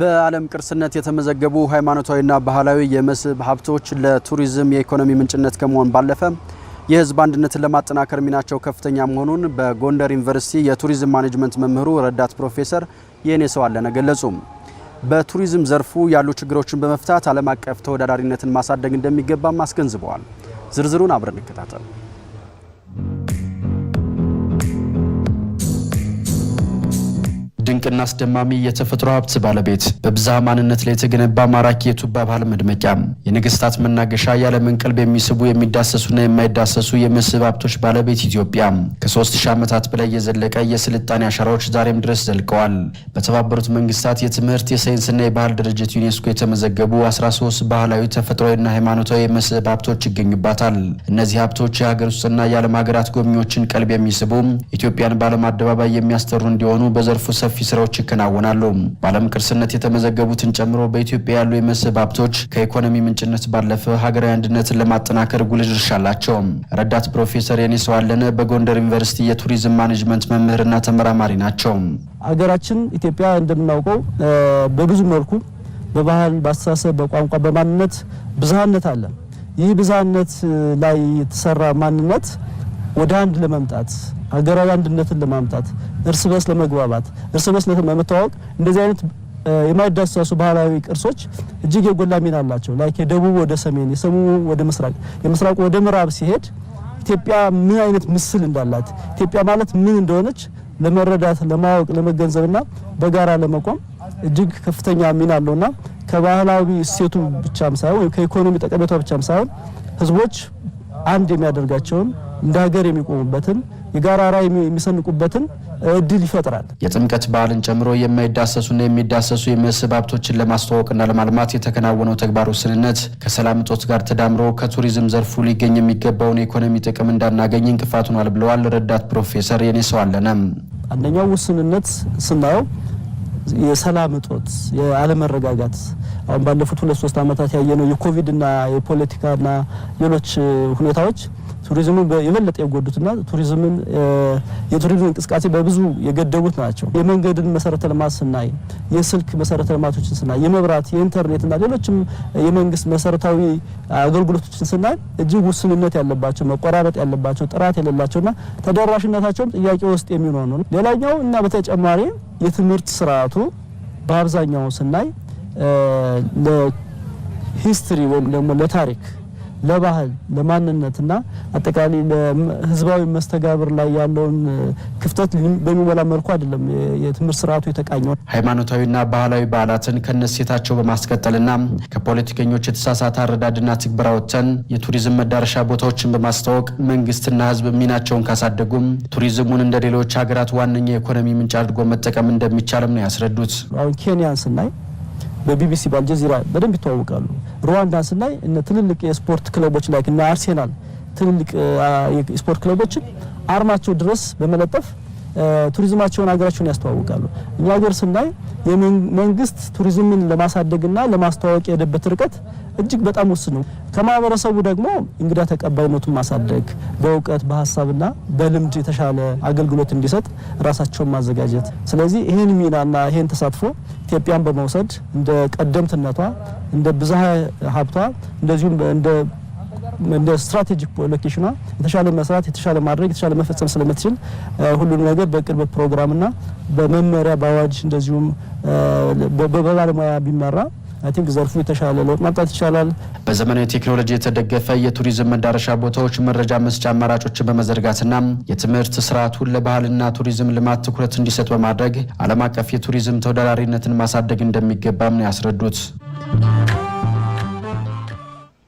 በዓለም ቅርስነት የተመዘገቡ ሃይማኖታዊና ባህላዊ የመስህብ ሀብቶች ለቱሪዝም የኢኮኖሚ ምንጭነት ከመሆን ባለፈ የህዝብ አንድነትን ለማጠናከር ሚናቸው ከፍተኛ መሆኑን በጎንደር ዩኒቨርሲቲ የቱሪዝም ማኔጅመንት መምህሩ ረዳት ፕሮፌሰር ሰው አለነ ገለጹ። በቱሪዝም ዘርፉ ያሉ ችግሮችን በመፍታት ዓለም አቀፍ ተወዳዳሪነትን ማሳደግ እንደሚገባም አስገንዝበዋል። ዝርዝሩን አብረን እንከታተል። ድንቅና አስደማሚ የተፈጥሮ ሀብት ባለቤት በብዝሃ ማንነት ላይ የተገነባ ማራኪ የቱባ ባህል መድመቂያ የንግስታት መናገሻ ያለ ቀልብ የሚስቡ የሚዳሰሱና የማይዳሰሱ የመስህብ ሀብቶች ባለቤት ኢትዮጵያ ከሶስት ሺህ ዓመታት በላይ የዘለቀ የስልጣኔ አሻራዎች ዛሬም ድረስ ዘልቀዋል። በተባበሩት መንግስታት የትምህርት የሳይንስና የባህል ድርጅት ዩኔስኮ የተመዘገቡ 13 ባህላዊ ተፈጥሯዊና ሃይማኖታዊ የመስህብ ሀብቶች ይገኙባታል። እነዚህ ሀብቶች የሀገር ውስጥና የዓለም ሀገራት ጎብኚዎችን ቀልብ የሚስቡ ኢትዮጵያን በዓለም አደባባይ የሚያስጠሩ እንዲሆኑ በዘርፉ ሰፊ ሰፋፊ ስራዎች ይከናወናሉ። በዓለም ቅርስነት የተመዘገቡትን ጨምሮ በኢትዮጵያ ያሉ የመስህብ ሀብቶች ከኢኮኖሚ ምንጭነት ባለፈ ሀገራዊ አንድነትን ለማጠናከር ጉልህ ድርሻ አላቸው። ረዳት ፕሮፌሰር የኔሰው አለነ በጎንደር ዩኒቨርሲቲ የቱሪዝም ማኔጅመንት መምህርና ተመራማሪ ናቸው። ሀገራችን ኢትዮጵያ እንደምናውቀው በብዙ መልኩ በባህል፣ በአስተሳሰብ፣ በቋንቋ፣ በማንነት ብዝሃነት አለ። ይህ ብዝሃነት ላይ የተሰራ ማንነት ወደ አንድ ለመምጣት ሀገራዊ አንድነትን ለማምጣት እርስ በርስ ለመግባባት እርስ በርስ ለመተዋወቅ እንደዚህ አይነት የማይዳሰሱ ባህላዊ ቅርሶች እጅግ የጎላ ሚና አላቸው። ላይክ የደቡብ ወደ ሰሜን፣ የሰሜኑ ወደ ምስራቅ፣ የምስራቁ ወደ ምዕራብ ሲሄድ ኢትዮጵያ ምን አይነት ምስል እንዳላት ኢትዮጵያ ማለት ምን እንደሆነች ለመረዳት ለማወቅ፣ ለመገንዘብና በጋራ ለመቆም እጅግ ከፍተኛ ሚና አለውና ከባህላዊ እሴቱ ብቻም ሳይሆን ከኢኮኖሚ ጠቀሜታ ብቻም ሳይሆን ህዝቦች አንድ የሚያደርጋቸውን እንደ ሀገር የሚቆሙበትን የጋራ ራዕይ የሚሰንቁበትን እድል ይፈጥራል። የጥምቀት በዓልን ጨምሮ የማይዳሰሱና የሚዳሰሱ የመስህብ ሀብቶችን ለማስተዋወቅና ለማልማት የተከናወነው ተግባር ውስንነት ከሰላም እጦት ጋር ተዳምሮ ከቱሪዝም ዘርፉ ሊገኝ የሚገባውን የኢኮኖሚ ጥቅም እንዳናገኝ እንቅፋት ሆኗል ብለዋል ረዳት ፕሮፌሰር የኔሰው አንደኛው ውስንነት ስናየው የሰላም እጦት፣ የአለመረጋጋት አሁን ባለፉት ሁለት ሶስት ዓመታት ያየነው የኮቪድና የፖለቲካና ሌሎች ሁኔታዎች ቱሪዝሙን የበለጠ የጎዱትና ቱሪዝምን የቱሪዝም እንቅስቃሴ በብዙ የገደቡት ናቸው። የመንገድን መሰረተ ልማት ስናይ፣ የስልክ መሰረተ ልማቶችን ስናይ፣ የመብራት የኢንተርኔትና ሌሎችም የመንግስት መሰረታዊ አገልግሎቶችን ስናይ እጅግ ውስንነት ያለባቸው፣ መቆራረጥ ያለባቸው፣ ጥራት የሌላቸውና ተደራሽነታቸውም ጥያቄ ውስጥ የሚሆኑ ሌላኛው እና በተጨማሪ የትምህርት ስርዓቱ በአብዛኛው ስናይ ለሂስትሪ ወይም ደግሞ ለታሪክ ለባህል ለማንነትና አጠቃላይ ለህዝባዊ መስተጋብር ላይ ያለውን ክፍተት በሚሞላ መልኩ አይደለም የትምህርት ስርዓቱ የተቃኘው። ሃይማኖታዊና ባህላዊ በዓላትን ከነሴታቸው በማስቀጠልና ከፖለቲከኞች የተሳሳተ አረዳድና ትግበራ ወጥተን የቱሪዝም መዳረሻ ቦታዎችን በማስተዋወቅ መንግስትና ህዝብ ሚናቸውን ካሳደጉም ቱሪዝሙን እንደ ሌሎች ሀገራት ዋነኛ የኢኮኖሚ ምንጭ አድርጎ መጠቀም እንደሚቻልም ነው ያስረዱት። አሁን ኬንያን ስናይ በቢቢሲ በአልጀዚራ በደንብ ይተዋወቃሉ። ሩዋንዳ ስናይ እነ ትልልቅ የስፖርት ክለቦች ላይ እነ አርሴናል ትልልቅ የስፖርት ክለቦችን አርማቸው ድረስ በመለጠፍ ቱሪዝማቸውን ሀገራቸውን ያስተዋውቃሉ። እኛ ሀገር ስናይ የመንግስት ቱሪዝምን ለማሳደግና ለማስተዋወቅ የሄደበት ርቀት እጅግ በጣም ውስን ነው። ከማህበረሰቡ ደግሞ እንግዳ ተቀባይነቱን ማሳደግ፣ በእውቀት በሀሳብና በልምድ የተሻለ አገልግሎት እንዲሰጥ ራሳቸውን ማዘጋጀት። ስለዚህ ይህን ሚናና ይህን ተሳትፎ ኢትዮጵያን በመውሰድ እንደ ቀደምትነቷ እንደ ብዝሃ ሀብቷ እንደዚሁም እንደ ስትራቴጂክ ሎኬሽኗ የተሻለ መስራት፣ የተሻለ ማድረግ፣ የተሻለ መፈጸም ስለምትችል ሁሉንም ነገር በቅርብ ፕሮግራምና በመመሪያ በአዋጅ እንደዚሁም በባለሙያ ቢመራ አይ ቲንክ ዘርፉ የተሻለ ለውጥ ማምጣት ይቻላል። በዘመናዊ ቴክኖሎጂ የተደገፈ የቱሪዝም መዳረሻ ቦታዎች መረጃ መስጫ አማራጮችን በመዘርጋትና የትምህርት ስርዓቱን ለባህልና ቱሪዝም ልማት ትኩረት እንዲሰጥ በማድረግ ዓለም አቀፍ የቱሪዝም ተወዳዳሪነትን ማሳደግ እንደሚገባም ነው ያስረዱት።